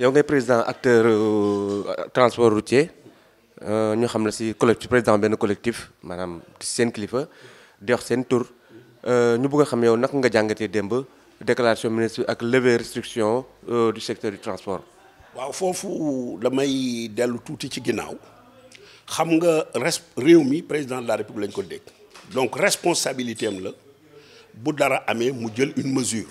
yow le président acteur euh, transport routier euh, ñu xam la collectif président benn collectif maanaam seen kilifa di wax seen nous euh, ñu bëgg a xam yow naka nga jàngatee démb déclaration ministre ak levée restriction du secteur du transport. waaw foofu damay dellu tuuti ci ginnaaw xam nga mi président de la république lañ ko dégg donc responsabilité am la bu dara une mesure.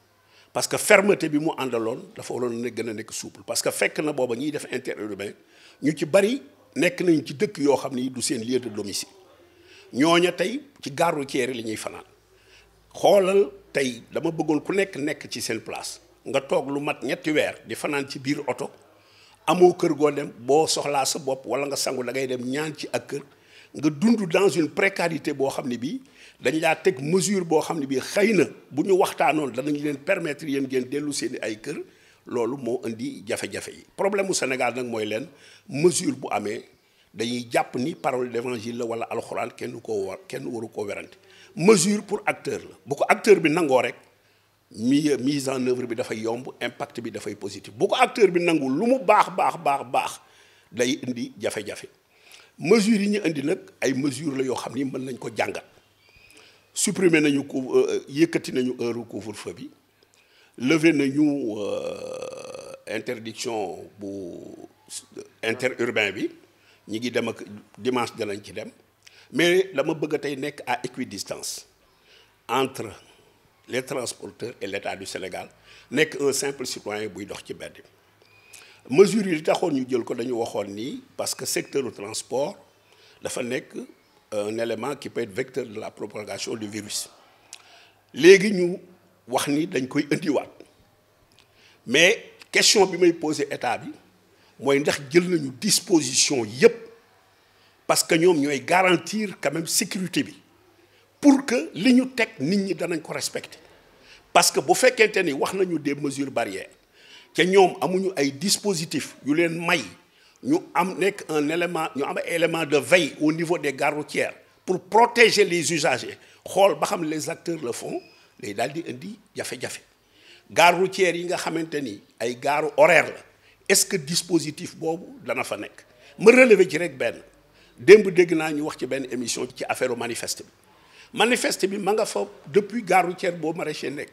parce que fermeté bi mu andalon da fa wolone gën nek souple parce que fekk na bobu ñi def intérêt interurbain ñu ci bari nek nañ ci dëkk yo xamni du seen lieu de domicile ñoña tay ci gare routière li ñuy fanaan xolal tay dama bëggol ku nek nek ci seen place nga tok lu mat ñetti wër di fanaan ci biir auto amo kër go dem bo soxla sa bop wala nga sangu da ngay dem ñaan ci ak kër nga dundu dans une précarité bo xamni bi dañ laa teg mesure boo xam ne bii xëy na bu ñu waxtaanoon danañ leen permettre yéen ngeen dellu seen ay kër loolu moo indi jafe-jafe yi problème mu Sénégal nag mooy leen mesure bu amee dañuy jàpp ni parole d'évangile la wala alxuraan kenn ko war kenn waru koo werante mesure pour acteur la bu ko acteur bi nangoo rek mi mise en œuvre bi dafay yomb impact bi dafay positif bu ko acteur bi nangu lu mu baax baax baax baax day indi jafe-jafe mesure yi ñu indi nag ay mesure la yoo xam ni mën nañ ko jàngat supprimer nañu couvre euh, euh, nañu feu lever nañu euh, interdiction bu interurbain bi ñi ngi dem ak dimanche de mais la bëgg a à équidistance entre les transporteurs et l'État du Sénégal nekk un simple citoyen qui est ci train faire. yi li taxoon ñu jël ko dañu waxoon ni parce que le secteur du transport dafa nekk un élément qui peut être vecteur de la propagation du virus léegi ñu wax ni dañ koy indiwaat mais question bi may poser état bi mooy ndax jël nañu disposition dispositions parce que nous devons garantir quand même sécurité pour que li ñu nous nit ñi danañ ko respecter parce que bu nous ni wax nañu des mesures barrières que nous amuñu ay dispositifs yu leen may ñu am un élément ñu am élément de veille au niveau des gares routières pour protéger les usagers xool les acteurs le font les daldi di indi jafe-jafe gares routières yi nga xamante ni ay gaaru horaire est-ce que dispositif boobu dana fa me ma relever ci rek benn nous dégg naa ñu wax ci benn émission ci affaire manifeste manifeste bi ma nga fa depuis gare routière boo nek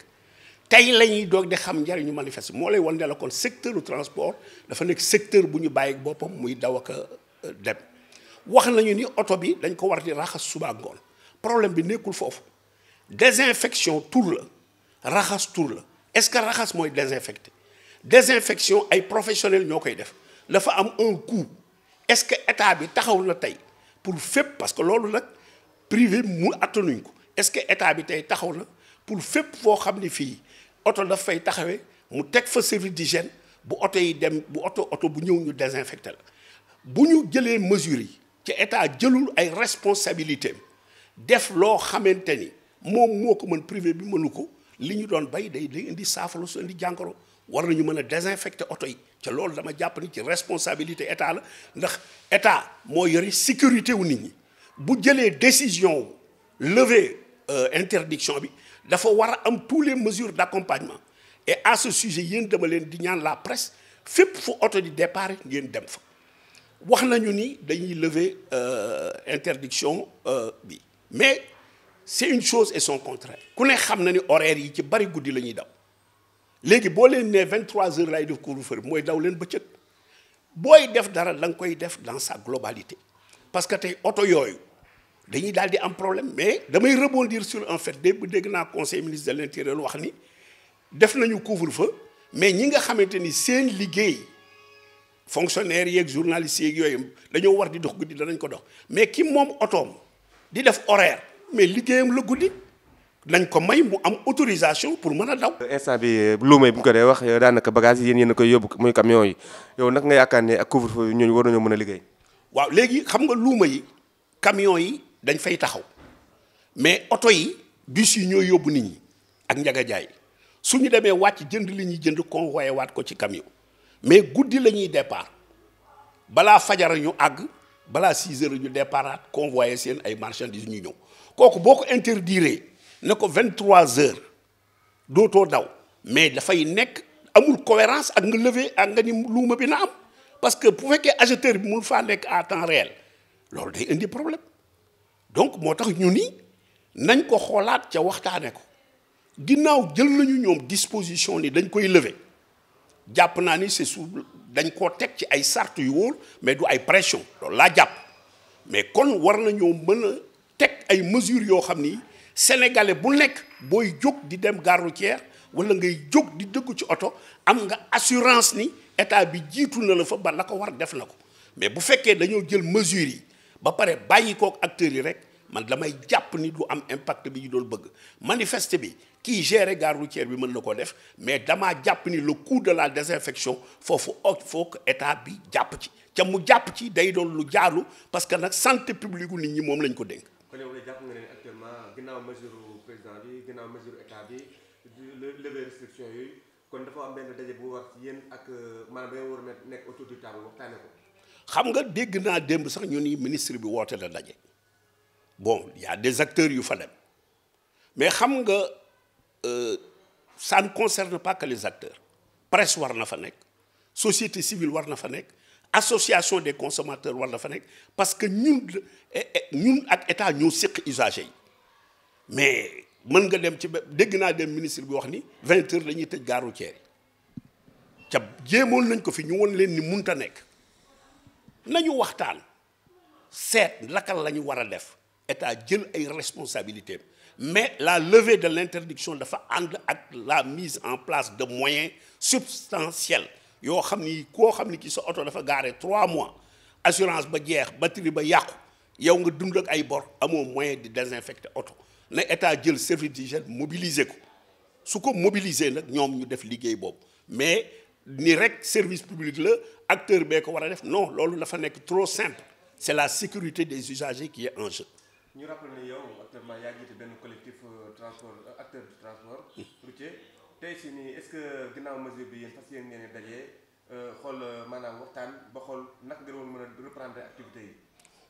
tey lañuy ñuy doog di xam njariñu manifeste moo lay wan ne la kon secteur du transport dafa nekk secteur bu ñu bàyyi boppam muy daw ak euh, dem wax nañu ni oto bi dañ ko war di raxas suba ngoon problème bi nekkul foofu désinfection tour la raxas tour la est-ce que raxas mooy désinfecté désinfection ay professionnel ñoo koy def dafa am un coût est-ce que état bi taxaw na tey pour fépp parce que loolu nag privé mu attanuñ ko est-ce que état bi tey taxaw na pour fépp foo xam ne fii il daf fay taxawé mu tek fa service d'hygiène bu auto yi dem bu auto auto bu ñew ñu désinfecter bu ñu mesures ci responsabilités def privé bi li ñu doon bay désinfecter yi dama responsabilité état la ndax état sécurité wu nit ñi bu décision euh, interdiction il faut avoir am tous les mesures d'accompagnement et à ce sujet il dama leen di ñaan la presse fépp fu oto di départ ngeen dem fa wax nañu ni dañuy lever euh, interdiction euh, bi mais c'est une chose et son contraire ku ne xam na ni horaire yi ci bari guddi la ñuy daw léegi boo 23 heures lay def couvre-feu mooy daw leen bëccëg booy def dara la nga def dans sa globalité parce que tey oto yooyu dañuy daal di am problème mais damay rebondir sur en fait démb dégg naa conseil ministre de l'intérieur wax ni def nañu couvre-feu mais ñi nga xamante ni seen liggéey fonctionnaires yeeg journalistes yeeg yooyu dañoo war di dox guddi danañ ko dox mais ki moom otoom di def horaire mais liggéeyam la guddi nañ ko may mu am autorisation pour mën a daw. instant bi euh, luuma bu ñu ko dee wax euh, daanaka bagage yi yéen yéen a koy yóbbu muy camion yi yow nag nga yaakaar ne ak couvre-feu ñooñu war nañoo mën a liggéey. waaw léegi xam nga luuma yi camion yi dañ fay taxaw mais auto yi bus yi ñoo yóbbu nit ñi ak njaga jaay suñu ñu demee wàcc jënd li ñuy jënd convoyé waat ko ci camion mais guddi la ñuy départ balaa fajar ñu àgg balaa 6 heures ñu départ convoyé seen ay marchandises ñu ñëw kooku boo ko interdire ne ko 23 heures dootoo daw mais dafay nekk amul cohérence ak nga levé ak nga ni luuma bi na am parce que bu fekkee acheteur bi mun faa nekk à temps réel loolu day indi problème donc motax ñu ni nañ ko xolaat ci waxtaane ko ginnaw jël nañu ñom disposition ni dañ koy lever japp na ni c'est sous dañ ko tek ci ay sartu yu wol mais du ay pression do la japp mais kon war nañu mëna tek ay mesures yo xamni sénégalais bu nek boy jog di dem gare routière wala ngay jog di deug ci auto am nga assurance ni état bi jitu na la fa ba la ko war def na ko mais bu fekkee dañu jël mesures yi ba pare bàyyi kook acteurs yi rek man damay japp ni du am impact bi ñu doon bëgg manifeste bi ki gérer gare routière bi mën na ko def mais dama japp ni le coût de la désinfection fofu faut état bi japp ci ca mu japp ci day doon lu jaaru parce que nak santé publique nit ñi moom lañ ko dénk. kon yow de jàpp nga ne actuellement ginnaaw mesure président bi ginnaaw mesure état bi lever restriction yooyu kon dafa am benn daje bu wax yeen ak euh, maanaam bay nga war a nekk autour du table waxtaanee ko xam nga dégg naa démb sax ministre bi water la daje bon y a des acteurs yu fa mais xam nga euh, ça ne concerne pas que les acteurs presse Warna fa société civile Warna na fa association des consommateurs Warna fa parce que ñun eh, eh, ñun ak état ñoo séq usagers mais mën nga dem ci dégg naa dem ministre bi wax ni vingt heures la ñuy tëj gare routière yi ca jéemoon nañ ko fi ñu won leen ni munta nañu waxtaan seet lakal lañu ñu war a def état jël ay responsabilités mais la levée de l'interdiction dafa ànd ak la mise en place de moyens substantiels yoo xam ni koo xam ni ki sa oto dafa garé trois mois assurance ba jeex batterie ba yàqu yow nga dund ak ay bor amoo moyen di désinfecter oto na état jël service d'hygiène mobiliser ko su ko mobiliser nag ñoom ñu def liggéey boobu mais ni rek service public la acteur bee ko war def non loolu dafa nekk trop simple c'est la sécurité des usagers qui est en jeu. ñu rappel ni yow actuellement yaa jiite ben collectif euh, transport euh, acteur du transport routier tey si nii est-ce que ginnaaw mesure bi yéen fas yéen ngeen di euh xol euh, manam waxtan ba xol nak nga won mën reprendre activité yi.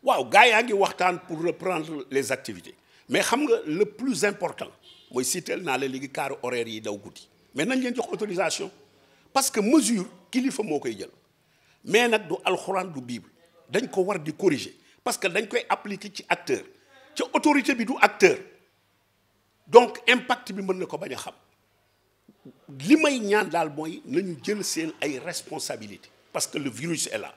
waaw gaay yaangi ngi waxtaan pour reprendre les activités mais xam nga le plus important mooy sitel naa la léegi car horaire yi daw guddi mais nañ leen jox autorisation parce que mesure kilifa moo koy jël mais nak du alcorane du bible dañ ko war di corriger parce que dañ koy appliquer ci acteur ci autorité bi du acteur donc impact bi mën na ko xam li ñaan dal moy parce que le virus est là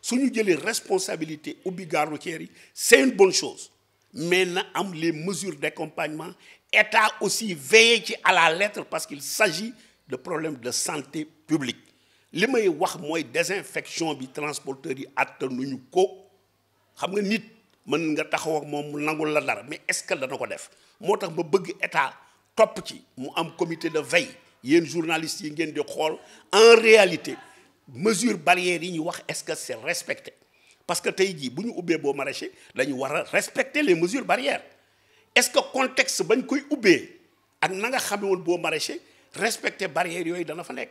suñu jël jëlee responsabilité responsabilités obligatoires, c'est une bonne chose mais na am les mesures d'accompagnement état aussi veiller à la lettre parce qu'il s'agit de problèmes de santé publique li may wax la désinfection bi transporteur yi attanuñu ko xam nga nit gens, nga taxaw ak moom mu nangul la dara mais est-ce que le ko def pourquoi tax ma bëgg état top ci mu am comité de veille yéen journalistes yi ngeen di en réalité mesure barrière yi ñu wax est-ce que c'est respecté parce que tey jii bu ñu ubbee boo maraîcher dañu faut respecter les mesures barrières est-ce que le contexte bañ koy ubbee ak que nga savez, le maraîcher respecter les barrières yooyu dana fa nekk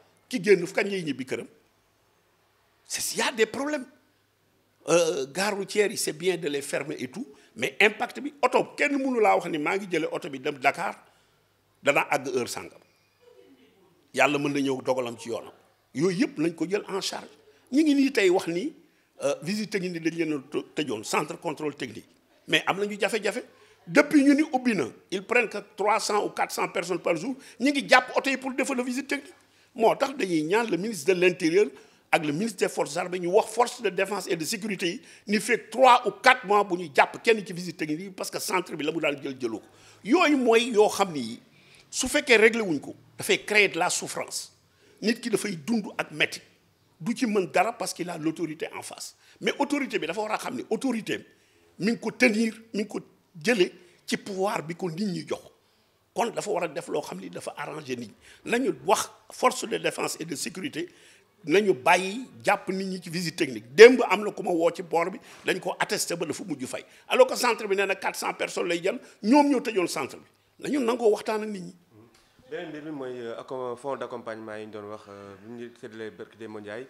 ki génn nous kañ lay ñibbi këram c'est y a des problèmes Euh, routières c'est bien de les fermer et tout mais impact bi auto kenn mënu la wax ni ma ngi jël auto bi dem Dakar dana ag heure sangam. Yalla mën na ñëw dogalam ci yoonam yooyu yëpp lañ ko jël en charge Ñi ngi ni tay wax ni euh, visite technique ni dañ leen tëjoon centre contrôle technique mais am nañu jafé jafé depuis ñu ni ubbi na ils prennent que 300 ou 400 personnes par jour Ñi ngi japp auto yi pour defal la visite technique moi, tax dañuy ñaan le ministre de l'intérieur ak le ministre des forces armées ñu wax force de défense et de sécurité nous ni trois ou quatre mois bu ñu jàpp kenn ci visite technique parce que centre bi la mu daan jël jëlu ko yooyu mooy yoo xam ni su fekkee réglé wuñ ko fait créer de la souffrance nit ki dafay dund ak métti du ci mën dara parce qu'il a l'autorité en face mais autorité bi dafa war a xam ni autorité mi ngi ko tenir mi ngi ko jëlee ci pouvoir bi ko nit ñi jox kon dafa war a def loo xam ni dafa arrangé nit nañu wax force de défense et de sécurité nañu bàyyi jàpp nit ñi ci visite technique démb am na ku ma woo ci port bi dañ ko attesté ba dafa mujj fay alors que centre bi nee na 400 personnes lay jël ñoom ñoo tëjoon centre bi nañu nangoo waxtaan ak nit ñi. beneen mbir bi mooy euh, fonds d'accompagnement yi ñu doon wax euh, bu ñu séddalee Berkut Demba Ndiaye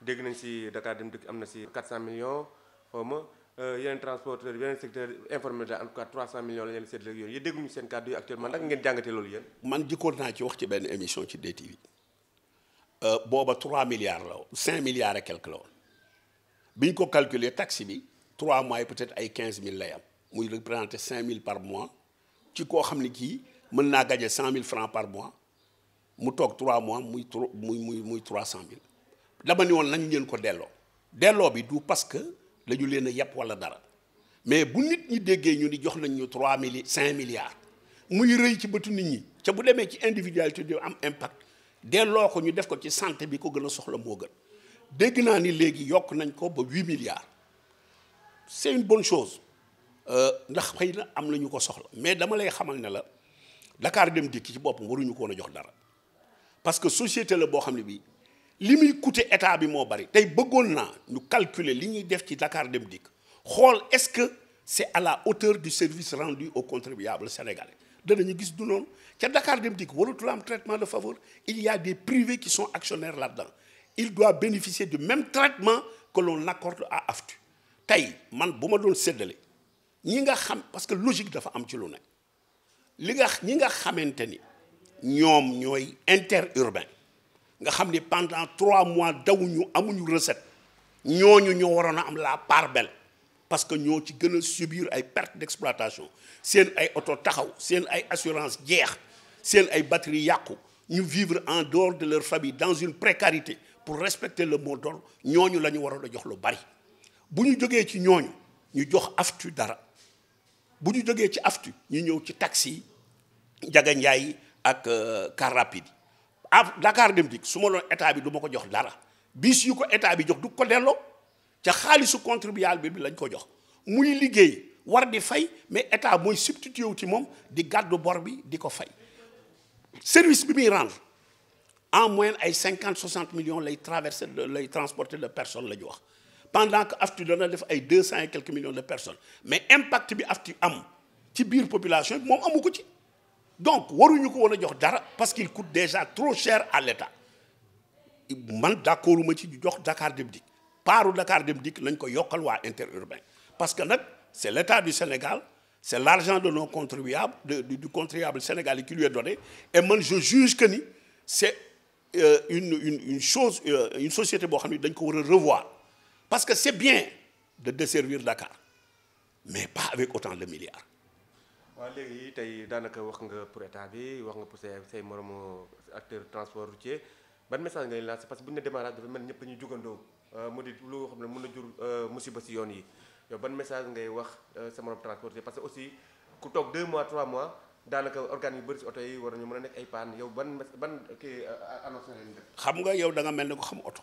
dégg nañ si Dakar Dem Dikk am na si 400 millions xaw ma euh, yeneen transporteur yeneen secteur informel en tout cas 300 millions la yeneen seet léegi yooyu yéen dégguñu seen kàddu yi actuellement naka ngeen jàngatee loolu yéen man jikkoon naa ci wax ci benn émission ci DTV euh, booba 3 milliards 5 milliards et quelque la woon bi ñu ko calculer taxe bi 3 mois peut-être ay 000 lay am muy 5 000 par mois ci koo xam ne kii mën naa 100 000 francs par mois mu toog 3 mois muy muy muy muy 300000 dama ni woon nañ leen ko delloo delloo bi du parce que dañu leen a wala dara mais bu nit ñi déggee ñu ni jox nañ ñu trois mille cinq milliards muy rëy ci bëtu nit ñi ca bu demee ci individualité di am impact delloo ko ñu def ko ci santé bi ko gën a soxla moo gën dégg naa ni léegi yokk nañ ko ba 8 milliards c'est une bonne chose euh, ndax xëy na am na ñu ko soxla mais dama lay xamal ne la Dakar dem dikk ci boppam waruñu ko woon jox dara parce que société la bo xamni bi li muy coûter état bi mo bari tay bëggoon na ñu calculer li ñuy def ci Dakar Dem dik xool est-ce que c'est à la hauteur du service rendu aux contribuables sénégalais danañu gis du non. ci Dakar Dem Dikk waratul am traitement de faveur il y a des privés qui sont actionnaires là-dedans il doit bénéficier du même traitement que l'on accorde à AFTU tay man buma doon séddale ñi nga xam parce que logique dafa am ci lu ne li nga ñi nga xamanteni ñom ñoy interurbain nga pendant trois mois dawuñu amuñu recette de recettes. Nous parbelles la part belle parce que nous ci subir des pertes d'exploitation Si ay auto taxaw seen ay assurance jeex des ay batterie vivre en dehors de leur famille dans une précarité pour respecter le mot d'ordre nous la ñu waroon jox nous bari bu ñu nous ci nous ñu jox aftu dara Si nous aftu taxi yi jaganjaay ak euh, car rapide ab Dakar dem dikk su ma état bi du ko jox dara bis yu ko état bi jox du ko delo ca khalisu contribuable bi lañ ko jox muy liggéey war di fay mais état moy substitué wu ci moom di gàddu bor bi di ko fay service bi mi rendre en moyenne ay 50-60 millions lay traverser lay transporter de personnes lañ wax pendant que AFTU dana def ay 200 et quelques millions de personnes mais impact bi AFTU am ci biir population mom amuko ci donc on parce qu'il coûte déjà trop cher à l'État je d'accorduma d'accord avec Dakar Demdik, il Dakar il a ko interurbain parce que c'est l'État du Sénégal c'est l'argent de nos contribuables du contribuable sénégalais qui lui est donné et moi, je juge que c'est euh, une chose euh, une société qui nous revoir parce que c'est bien de desservir Dakar mais pas avec autant de milliards waa léegi tey daanaka wax nga pour état bi wax nga pour say say moromu acteur transport routier ban message ngay lancé parce que bu ñu ne démarrage dafa mel ñëpp dañuy jugandoo euh, mu di lu xam ne mën a jur euh, musiba si yoon yi yow ban message ngay wax euh, sa morom transport parce que aussi ku toog 2 mois 3 mois daanaka organes yu bëri si oto yi war nañu mën a nekk ay paan yow ban ban kii annonce nga xam nga yow da nga mel ne ko xam oto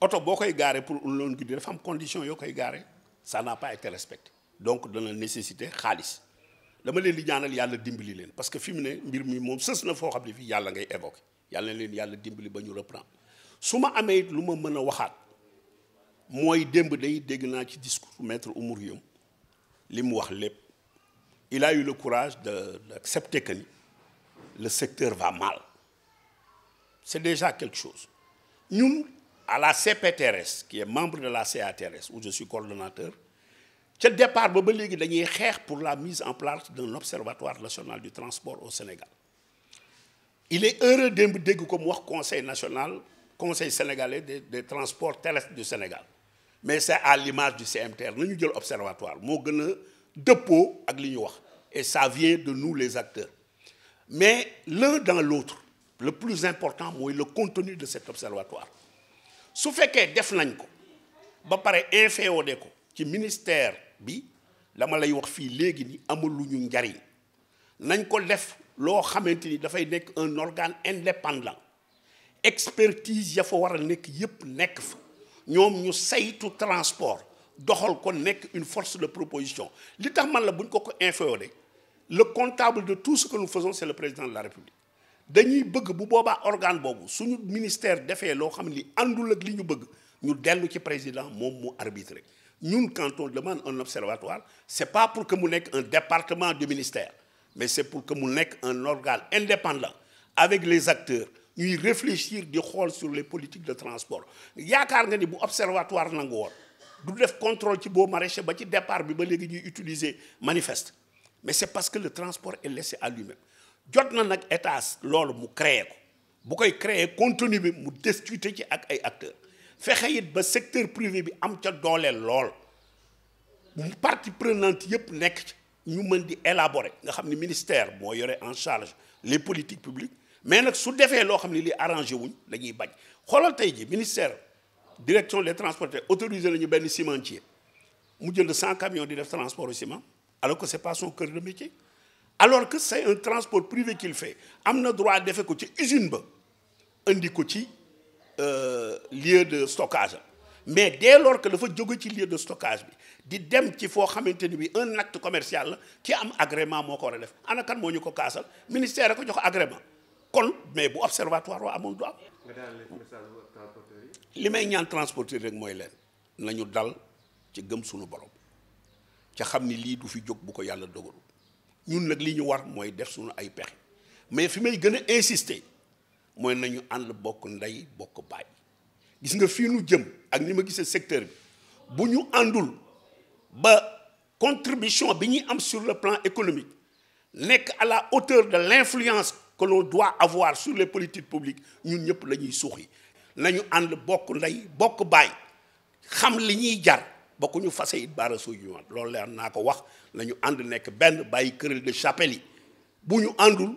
oto boo koy gaaree pour loon guddee dafa yoo koy gaaree ça n'a pas été respecté donc dana xaalis. dama leen di ñaanal yàlla dimbali leen parce que fi mu ne mbir mi moom sës na foo xam ne fii yàlla ngay évoqué yàlla na leen yàlla dimbali ba ñu reprendre su ma amee it lu ma mën a waxaat mooy démb day dégg naa ci discours maître Oumar Youm li mu wax lépp il a eu le courage de d'accepter que ni le secteur va mal c'est déjà quelque chose ñun à la CPTRS qui est membre de la CATRS où je suis coordonnateur le départ ba ba pour la mise en place d'un observatoire national du transport au Sénégal il est heureux de me dire conseil national conseil sénégalais des transports terrestres du Sénégal mais c'est à l'image du CMTR Nous jël observatoire moo gën a et ça vient de nous les acteurs mais l'un dans l'autre le plus important c'est le contenu de cet observatoire su qui def nañ ko ba ministère bi la ma lay wax fi léegi ni amul ñu nañ ko def lo xamanteni da fay nek un organe indépendant expertise ya fa wara nek yep nek nekk fa ñoom ñu saytu transport doxal ko nek une force de proposition li tax man la buñ ko ko le comptable de tout ce que nous faisons c'est le président de la république dañuy bëgg bu boba organe bobu suñu ministère défé lo xamni ni ak li ñu bëgg ñu déllu ci président mom mu arbitre. Nous, quand on demande un observatoire ce n'est pas pour que nous n'ayons un département du ministère mais c'est pour que nous n'ayons un organe indépendant avec les acteurs ñuy réfléchir di sur les politiques de transport Il y a bu observatoire nangu woon du def contrôle ci boo maraîcher ba ci départ bi utiliser manifeste mais c'est parce que le transport est laissé à lui-même jot na état loolu mu créer ko bu koy créer contenu bi mu discuter ci ak acteurs fexeyit ba secteur privé bi am ca doole lool partie prenante qui nekk le ñu di élaborer ministère moo yore en charge les politiques publiques mais nag su defee loo xam ne li arrangé wuñ dañuy bañ xoolal tey ministère direction des transports autorisé nañu benn cimentier mu jënd 100 camions di def transport au ciment alors que c'est pas son cœur de métier alors que c'est un transport privé qu'il fait a le droit defe ko ci usine ba indi ko ci euh, lieu de stockage mais dès lors que dafa jóge ci lieu de stockage bi di dem ci fo xamante bi un acte commercial la ki am agrément moko ko def ana kan moñu ko kassal ministère a ko jox agrément kon mais bu observatoire waa amul du am li ñaan transporteur rek moy len lañu dal ci gëm sunu borom ci xamni li du fi jog bu ko yalla dogalu ñun nag li ñu war moy def sunu ay pex mais fi may gëna insister moy nañu ànd bokk nday bokk bay gis nga fi ñu jëm ak secteur bi ba contribution bi sur le plan économique sommes à la hauteur de l'influence que l'on doit avoir sur les politiques publiques ñun ñëpp la ñuy lañu La bokk ndey bokk xam li jar bokku ñu it wax de chapelle buñu andul,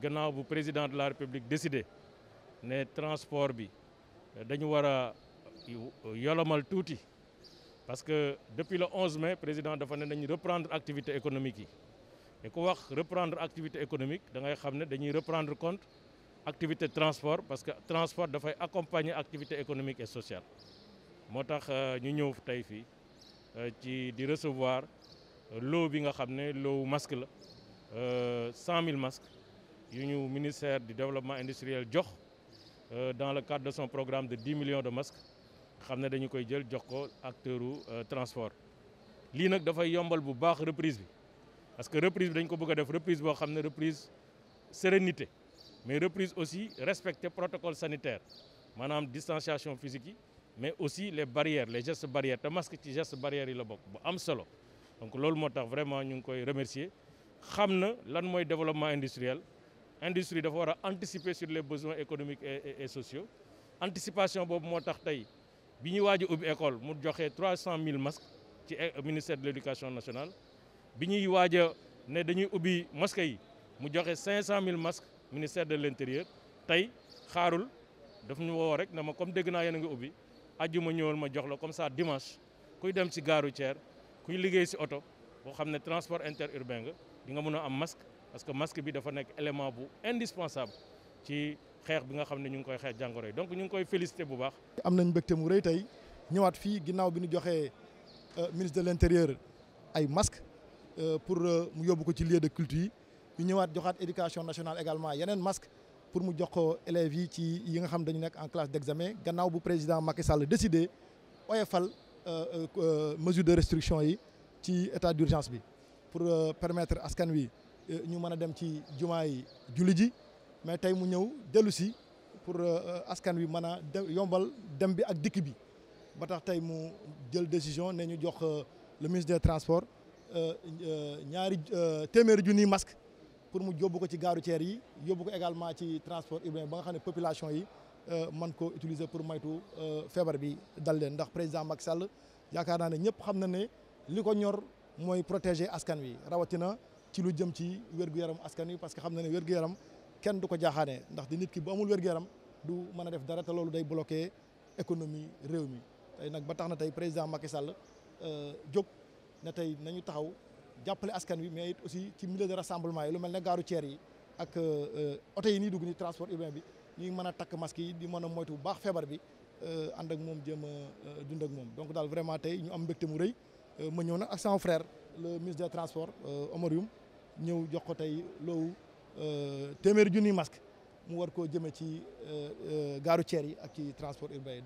Le bu président de la république décidé de transport bi euh, dañu wara euh, yolomal parce que depuis le 11 mai président dafa né reprendre activité économique Et wax reprendre activité économique da ngay xamné dañuy reprendre compte activité transport parce que transport doit accompagner activité économique et sociale Nous euh, avons ñu ñëw tay qui ci di recevoir l'eau bi nga masque 100 000 masques le ministère du développement industriel euh, dans le cadre de son programme de 10 millions de masques Nous avons dañu koy jël acteur euh, transport Ce qui yombal une reprise parce que reprise dañ ko reprise de reprise sérénité mais reprise aussi respecter protocole sanitaire la distanciation physique mais aussi les barrières les gestes barrières le masque ci gestes barrières yi la bokk bu am solo donc loolu moo vraiment ñu Nous koy remercier développement industriel industrie dafa anticiper sur les besoins économiques et sociaux anticipation boobu moo tax tey bi ñuy waaj a ubbi école mu joxe 300000 masques ci eh, ministère de l'Éducation nationale bi ñuy waaj a ne dañuy ubbi masques yi mu 500000 masques ministère de l'Intérieur. intérieur tey xaarul daf ñu woo rek dama ma comme dégg naa yéen a ubbi ñëwal ma jox la comme ça dimanche kuy dem ci gare routière kuy liggéey ci oto boo xam transport interurbain nga di nga am masque parce que masque est un élément indispensable ci xex bi nga xamné ñu donc nous ngi koy félicité bu baax. am nañ avons mu reuy tay euh, ministre de l'intérieur ay masque euh, pour euh, mu yóbbu ci lieu de culture, culture. ñu ñëwaat joxaat éducation nationale également yenen masques pour mu jox ko élèves yi ci yi nga xam dañu en classe d'examen Le bu président Macky Sall décidé des mesure de restriction yi ci d'urgence pour permettre à askan wi ñu mën a dem ci jumaa yi julli ji mais tey mu ñëw pour euh, askan wi mën yombal dem bi ak dik bi ba tax tay mu jël décision né ñu jox euh, le ministre des transports euh, ñaari téeméeri junniy masque pour mu jobbu ko ci gaaru ceer yi yóbbu ko également ci transport urbain ba nga xam ne population yi man ko utiliser pour moytu feebar bi dal leen ndax président Macky Sall yaakaar né ne ñëpp xam na ne li ñor moy protéger askan wi rawatina. ci jëm ci wér-gu-yaram askan wi parce que xam na ne wér-gu-yaram kenn du ko jaaxaanee ndax di nit ki bu amul wér-gu-yaram du mën a def dara te loolu day bloqué économie réew mi tey nag ba tax na tey président Macky Sall euh, jóg na tey nañu taxaw jàppale askan wi mais aussi ci milieu de rassemblement yi lu mel ne gaaru ceer yi ak euh, euh, oto yi nii dugg ni transport urbain bi ñuy mën a takk masque yi di mën a moytu bu baax feebar bi ànd ak moom jëm a dund ak moom donc daal vraiment tey ñu am mbégte mu rëy ma ñëw nag ak sama le ministre des transports Omar Youm ñëw jox ko tey loowu euh, téeméeri junniy mask mu war koo jëmee ci euh, euh, gaaru ceer yi ak ci transport urbain yi